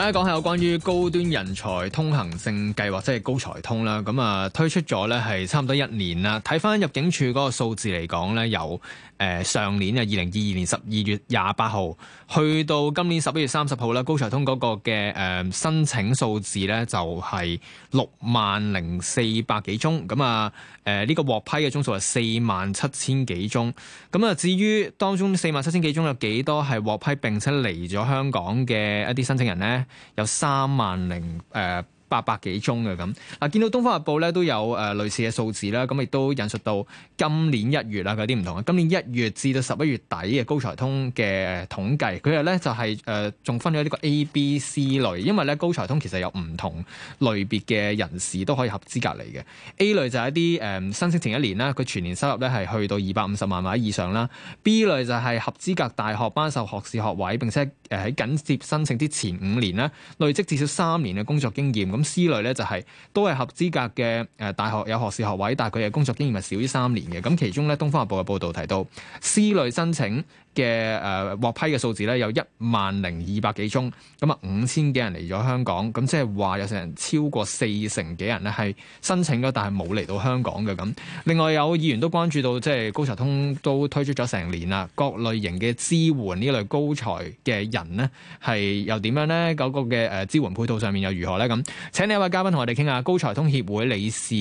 大家講下有關於高端人才通行證計劃，即係高才通啦。咁啊，推出咗咧係差唔多一年啦。睇返入境處嗰個數字嚟講咧，由誒上年啊，二零二二年十二月廿八號去到今年十一月三十號啦，高才通嗰個嘅誒申請數字咧就係六萬零四百幾宗。咁啊，誒呢個獲批嘅宗數係四萬七千幾宗。咁啊，至於當中四萬七千幾宗有幾多係獲批並且嚟咗香港嘅一啲申請人咧？有三萬零誒。八百幾宗嘅咁啊，見到《東方日報》咧都有誒類似嘅數字啦，咁亦都引述到今年一月啦，有啲唔同啊。今年一月至到十一月底嘅高才通嘅統計，佢係咧就係誒仲分咗呢個 A、B、C 類，因為咧高才通其實有唔同類別嘅人士都可以合資格嚟嘅。A 類就係一啲誒、嗯、申請前一年啦，佢全年收入咧係去到二百五十萬或以上啦。B 類就係合資格大學頒授學士學位，並且誒喺緊接申請之前五年咧累積至少三年嘅工作經驗。C 類咧就係、是、都係合資格嘅誒、呃、大學有學士學位，但係佢嘅工作經驗係少於三年嘅。咁其中咧，東方日報嘅報導提到，C 類申請嘅誒、呃、獲批嘅數字咧有一萬零二百幾宗，咁啊五千幾人嚟咗香港，咁即係話有成人超過四成幾人咧係申請咗，但係冇嚟到香港嘅。咁另外有議員都關注到，即係高才通都推出咗成年啦，各類型嘅支援呢類高才嘅人呢，係又點樣咧？嗰、那個嘅誒、呃、支援配套上面又如何咧？咁請你一位嘉賓同我哋傾下高才通協會理事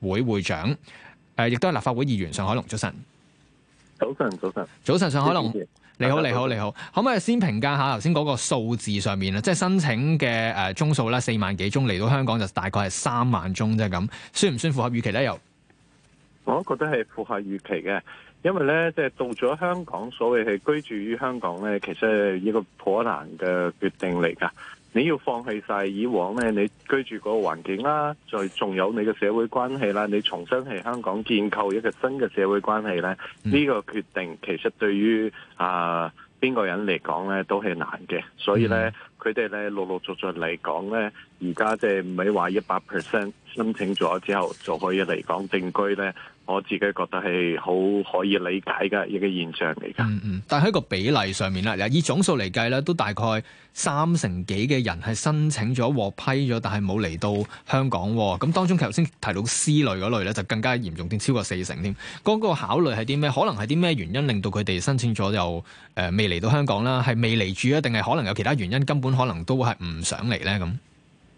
會會，會長，誒、呃，亦都係立法會議員尚海龍早，早晨，早晨早晨早晨尚海龍你好你好，晨你，好，你，好你好，可唔可以先評價下頭先嗰個數字上面咧，即係申請嘅誒宗數咧四萬幾宗嚟到香港就大概係三萬宗啫咁，算唔算符合預期咧？又，我覺得係符合預期嘅，因為咧即係到咗香港，所謂係居住於香港咧，其實係一個頗難嘅決定嚟噶。你要放棄晒以往咧，你居住個環境啦，再仲有你嘅社會關係啦，你重新喺香港建構一個新嘅社會關係咧，呢、嗯、個決定其實對於啊邊個人嚟講咧都係難嘅。所以咧佢哋咧陸陸續續嚟講咧，而家即係唔係話一百 percent 申請咗之後就可以嚟港定居咧。我自己覺得係好可以理解嘅一個現象嚟㗎。嗯嗯，但係喺個比例上面啦，以總數嚟計咧，都大概三成幾嘅人係申請咗獲批咗，但係冇嚟到香港啊。咁當中頭先提到 C 類嗰類咧，就更加嚴重啲，超過四成添。嗰個考慮係啲咩？可能係啲咩原因令到佢哋申請咗又誒未嚟到香港啦？係未嚟住啊？定係可能有其他原因，根本可能都係唔想嚟咧咁。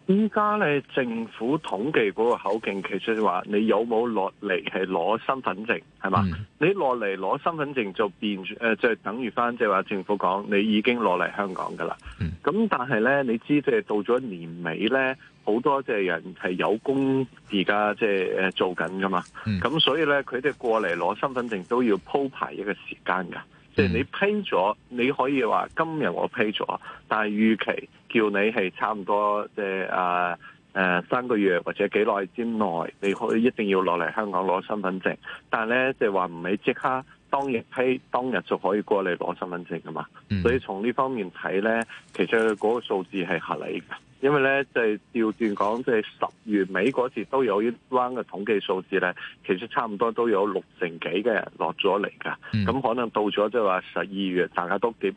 依家咧，政府統計嗰個口徑，其實話你有冇落嚟係攞身份證，係嘛？嗯、你落嚟攞身份證就變誒，即係等於翻，即係話政府講你已經落嚟香港噶啦。咁、嗯、但係咧，你知即係到咗年尾咧，好多即係人係有工而家即係誒做緊噶嘛。咁、嗯、所以咧，佢哋過嚟攞身份證都要鋪排一個時間噶。即係、mm hmm. 你批咗，你可以話今日我批咗，但係預期叫你係差唔多即係啊誒三個月或者幾耐之內，你可以一定要落嚟香港攞身份證。但係咧即係話唔係即刻當日批，當日就可以過嚟攞身份證噶嘛。Mm hmm. 所以從呢方面睇咧，其實嗰個數字係合理嘅。因為咧，就係、調轉講，即係十月尾嗰時都有一 round 嘅統計數字咧，其實差唔多都有六成幾嘅人落咗嚟㗎，咁可能到咗即係話十二月，大家都點？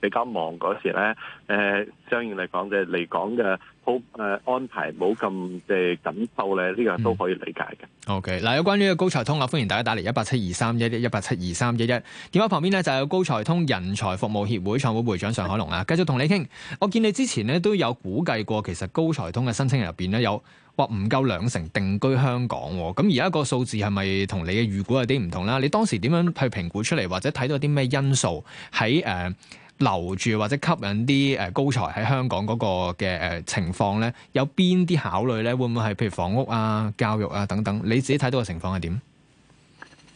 比較忙嗰時咧，誒、呃，相應嚟講嘅嚟港嘅鋪誒安排冇咁誒緊湊咧，呢個都可以理解嘅、嗯。OK，嗱，有關於高才通啊，歡迎大家打嚟一八七二三一一一八七二三一一電話旁邊呢，就有、是、高才通人才服務協會創會創會會長尚海龍啊，的繼續同你傾。我見你之前呢，都有估計過，其實高才通嘅申請人入邊呢，有話唔夠兩成定居香港喎，咁而家個數字係咪同你嘅預估有啲唔同啦？你當時點樣去評估出嚟，或者睇到啲咩因素喺誒？留住或者吸引啲誒高才喺香港嗰個嘅誒情況咧，有邊啲考慮咧？會唔會係譬如房屋啊、教育啊等等？你自己睇到嘅情況係點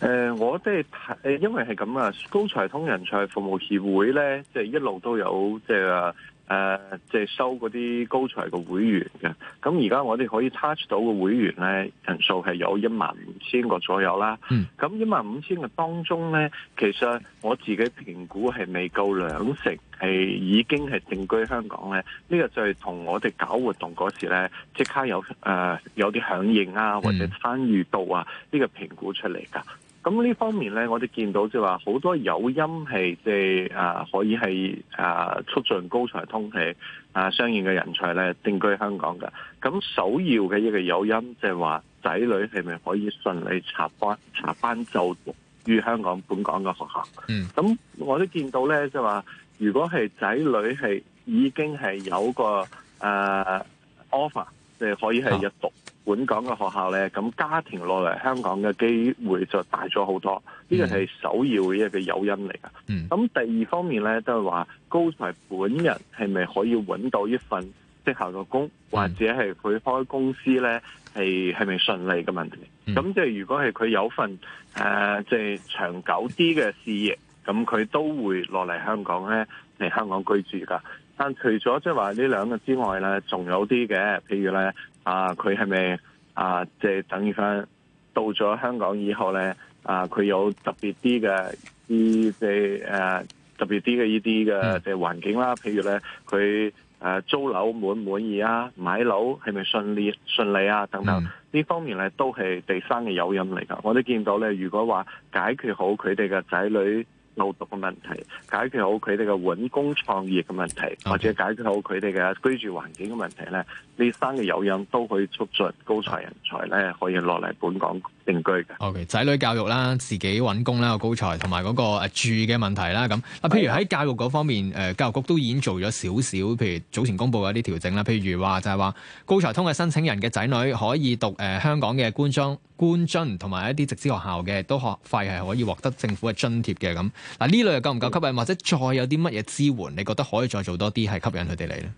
誒，我都係睇，因為，係咁啊。高才通人才服務協會咧，即係一路都有即係。就是啊誒，即係、uh，收嗰啲高才嘅會員嘅，咁而家我哋可以 touch 到嘅會員咧，人數係有一萬五千個左右啦。咁一萬五千個當中咧，其實我自己評估係未夠兩成係已經係定居香港嘅，呢、這個就係同我哋搞活動嗰時咧即刻有誒、呃、有啲響應啊或者參與度啊呢、這個評估出嚟噶。咁呢方面咧，我哋見到即係話好多誘因係即係啊，可以係啊促進高才通氣啊，相應嘅人才咧定居香港嘅。咁首要嘅一個誘因，即係話仔女係咪可以順利插班插班就讀於香港本港嘅學校？嗯。咁我都見到咧，即係話如果係仔女係已經係有個誒、呃、offer，即係可以係一讀啊本港嘅學校咧，咁家庭落嚟香港嘅機會就大咗好多，呢個係首要嘅一個誘因嚟噶。咁、嗯、第二方面咧，都係話高才本人係咪可以揾到一份適合嘅工，或者係佢開公司咧，係係咪順利嘅問題？咁即係如果係佢有份誒，即、呃、係、即係、長久啲嘅事業，咁佢都會落嚟香港咧，嚟香港居住噶。但除咗即係話呢兩個之外咧，仲有啲嘅，譬如咧，啊佢係咪啊即係等於翻到咗香港以後咧，啊、呃、佢有特別啲嘅啲即係誒特別啲嘅依啲嘅即係環境啦，譬如咧佢誒租樓滿唔滿意啊，買樓係咪順利順利啊等等呢、嗯、方面咧都係第三嘅誘因嚟㗎，我都見到咧，如果話解決好佢哋嘅仔女。漏動嘅問題，解決好佢哋嘅揾工創業嘅問題，或者解決好佢哋嘅居住環境嘅問題咧，呢三個有氧都可以促進高才人才咧可以落嚟本港。定居嘅。O K，仔女教育啦，自己揾工啦，高才同埋嗰個誒住嘅問題啦。咁嗱，譬如喺教育嗰方面，誒、呃、教育局都已經做咗少少，譬如早前公布嗰啲調整啦。譬如話就係、是、話高才通嘅申請人嘅仔女可以讀誒、呃、香港嘅官中官津同埋一啲直資學校嘅，都學費係可以獲得政府嘅津貼嘅。咁嗱，呢、啊、類又夠唔夠吸引？嗯、或者再有啲乜嘢支援？你覺得可以再做多啲係吸引佢哋嚟咧？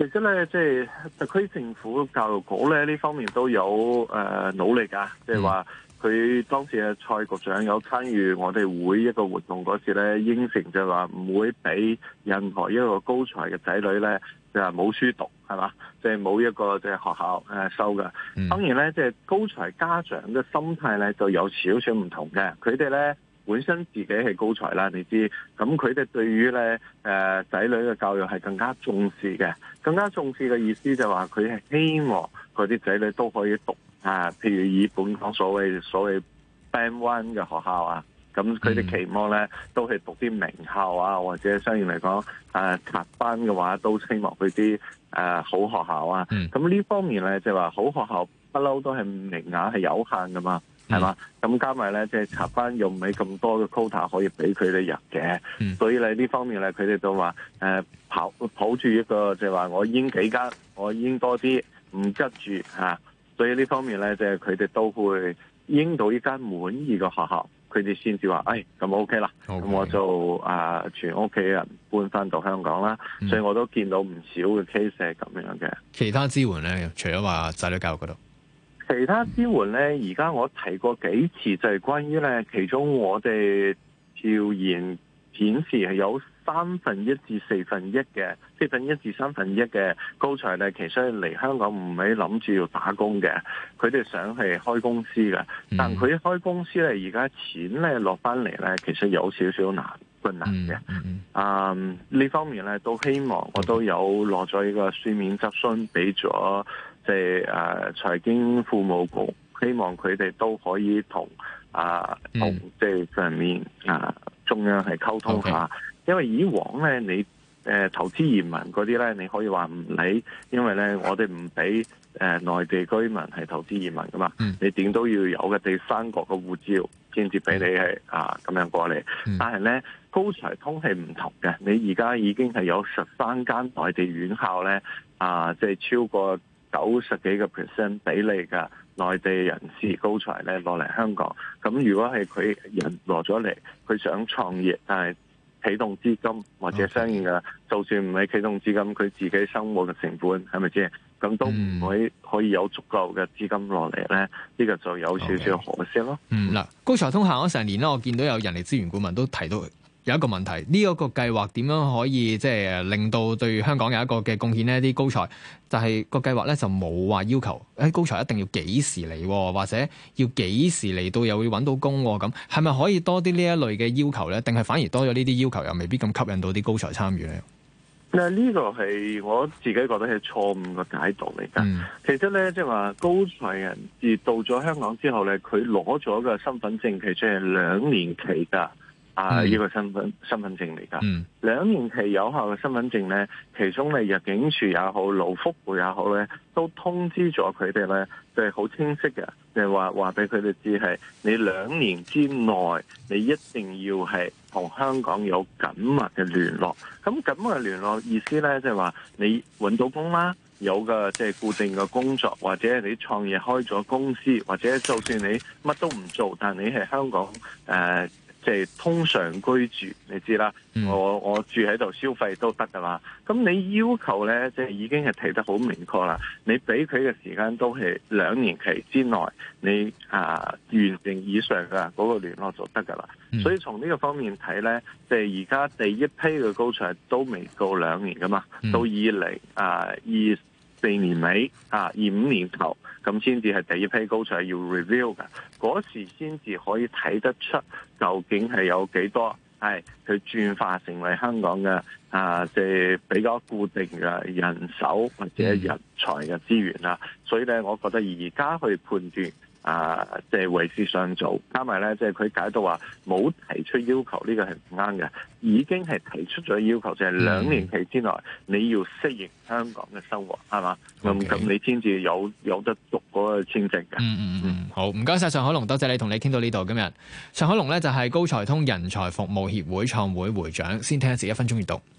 其實咧，即係特區政府教育局咧，呢方面都有誒努力噶，即係話佢當時嘅蔡局長有參與我哋會一個活動嗰時咧，應承就話唔會俾任何一個高才嘅仔女咧，就係冇書讀係嘛，即係冇一個即係學校誒收噶。當然咧，即係高才家長嘅心態咧就有少少唔同嘅，佢哋咧。本身自己係高才啦，你知咁佢哋對於咧誒仔女嘅教育係更加重視嘅，更加重視嘅意思就話佢係希望嗰啲仔女都可以讀啊，譬如以本港所謂所謂 band one 嘅學校啊，咁佢哋期望咧都係讀啲名校啊，或者相應嚟講誒插班嘅話都希望去啲誒、啊、好學校啊。咁呢、嗯、方面咧就話好學校不嬲都係名額係有限噶嘛。係啦，咁、嗯、加埋咧，即係插班又唔係咁多嘅 quota 可以俾佢哋入嘅，嗯、所以咧呢方面咧，佢哋就話誒，抱抱住一個即係話我應幾間，我應多啲，唔急住吓、啊。所以呢方面咧，即係佢哋都會應到呢間滿意嘅學校，佢哋先至話，哎，咁 OK 啦，咁、嗯、我就啊、呃，全屋企人搬翻到香港啦。所以我都見到唔少嘅 case 係咁樣嘅。其他支援咧，除咗話仔女教育嗰度。其他支援咧，而家我提過幾次，就係、是、關於咧，其中我哋調查顯示係有三分一至四分一嘅，四分一至三分一嘅高才咧，其實嚟香港唔係諗住要打工嘅，佢哋想係開公司嘅，但佢開公司咧，而家錢咧落翻嚟咧，其實有少少難困難嘅。啊、um, 嗯，呢方面咧，都希望我都有落咗呢個書面質詢，俾咗。即係誒，財、就是啊、經父母局希望佢哋都可以同啊、嗯、同即係上面啊中央係溝通下，Okay. 因為以往咧你誒、呃、投資移民嗰啲咧，你可以話唔理，因為咧我哋唔俾誒內地居民係投資移民噶嘛，嗯、你點都要有嘅第三國嘅護照先至俾你係、嗯、啊咁樣過嚟。嗯、但係咧高才通係唔同嘅，你而家已經係有十三間內地院校咧啊，即係超過。九十幾個 percent 比例嘅內地人士高才咧落嚟香港咁，如果係佢人落咗嚟，佢想創業，但係啟動資金或者生意嘅，Okay. 就算唔係啟動資金，佢自己生活嘅成本係咪先咁都唔會可以有足夠嘅資金落嚟咧？呢、這個就有少少可惜咯。Okay. 嗯嗱，高才通行咗成年啦，我見到有人力資源顧問都提到。有一個問題，呢、這、一個計劃點樣可以即係、就是、令到對香港有一個嘅貢獻呢啲高才，就係個計劃呢就冇話要求喺高才一定要幾時嚟，或者要幾時嚟到又會揾到工咁，係咪可以多啲呢一類嘅要求呢？定係反而多咗呢啲要求又未必咁吸引到啲高才參與呢？呢個係我自己覺得係錯誤嘅解讀嚟噶。嗯、其實呢，即係話高才人士到咗香港之後呢，佢攞咗個身份證期其實係兩年期噶。啊！呢個身份、嗯、身份證嚟噶，兩、嗯、年期有效嘅身份證咧，其中你入境處也好、勞福會也好咧，都通知咗佢哋咧，就係好清晰嘅，就係話話俾佢哋知係你兩年之內，你一定要係同香港有緊密嘅聯絡。咁緊密聯絡意思咧，即係話你搵到工啦，有個即係固定嘅工作，或者你創業開咗公司，或者就算你乜都唔做，但你係香港誒。呃即係通常居住，你知啦、嗯。我我住喺度消費都得噶嘛。咁你要求呢，即係已經係提得好明確啦。你俾佢嘅時間都係兩年期之內，你啊、呃、完成以上嘅嗰個聯絡就得噶啦。嗯、所以從呢個方面睇呢，即係而家第一批嘅高才都未夠兩年噶嘛，到以、呃、二零啊二四年尾啊，二五年頭咁先至係第一批高才要 review 嘅，嗰時先至可以睇得出究竟係有幾多係去、哎、轉化成為香港嘅啊，即係比較固定嘅人手或者人才嘅資源啦。所以咧，我覺得而家去判斷。啊，即係位次上早，加埋咧，即係佢解讀話冇提出要求呢個係唔啱嘅，已經係提出咗要求，就係、是、兩年期之內你要適應香港嘅生活，係嘛？咁咁 Okay. 你先至有有得讀嗰個簽證嘅、嗯。嗯嗯嗯好，唔該晒，尚海龍，多謝你同你傾到呢度，今日尚海龍咧就係高才通人才服務協會創會會長，先聽一次，一分鐘閱讀。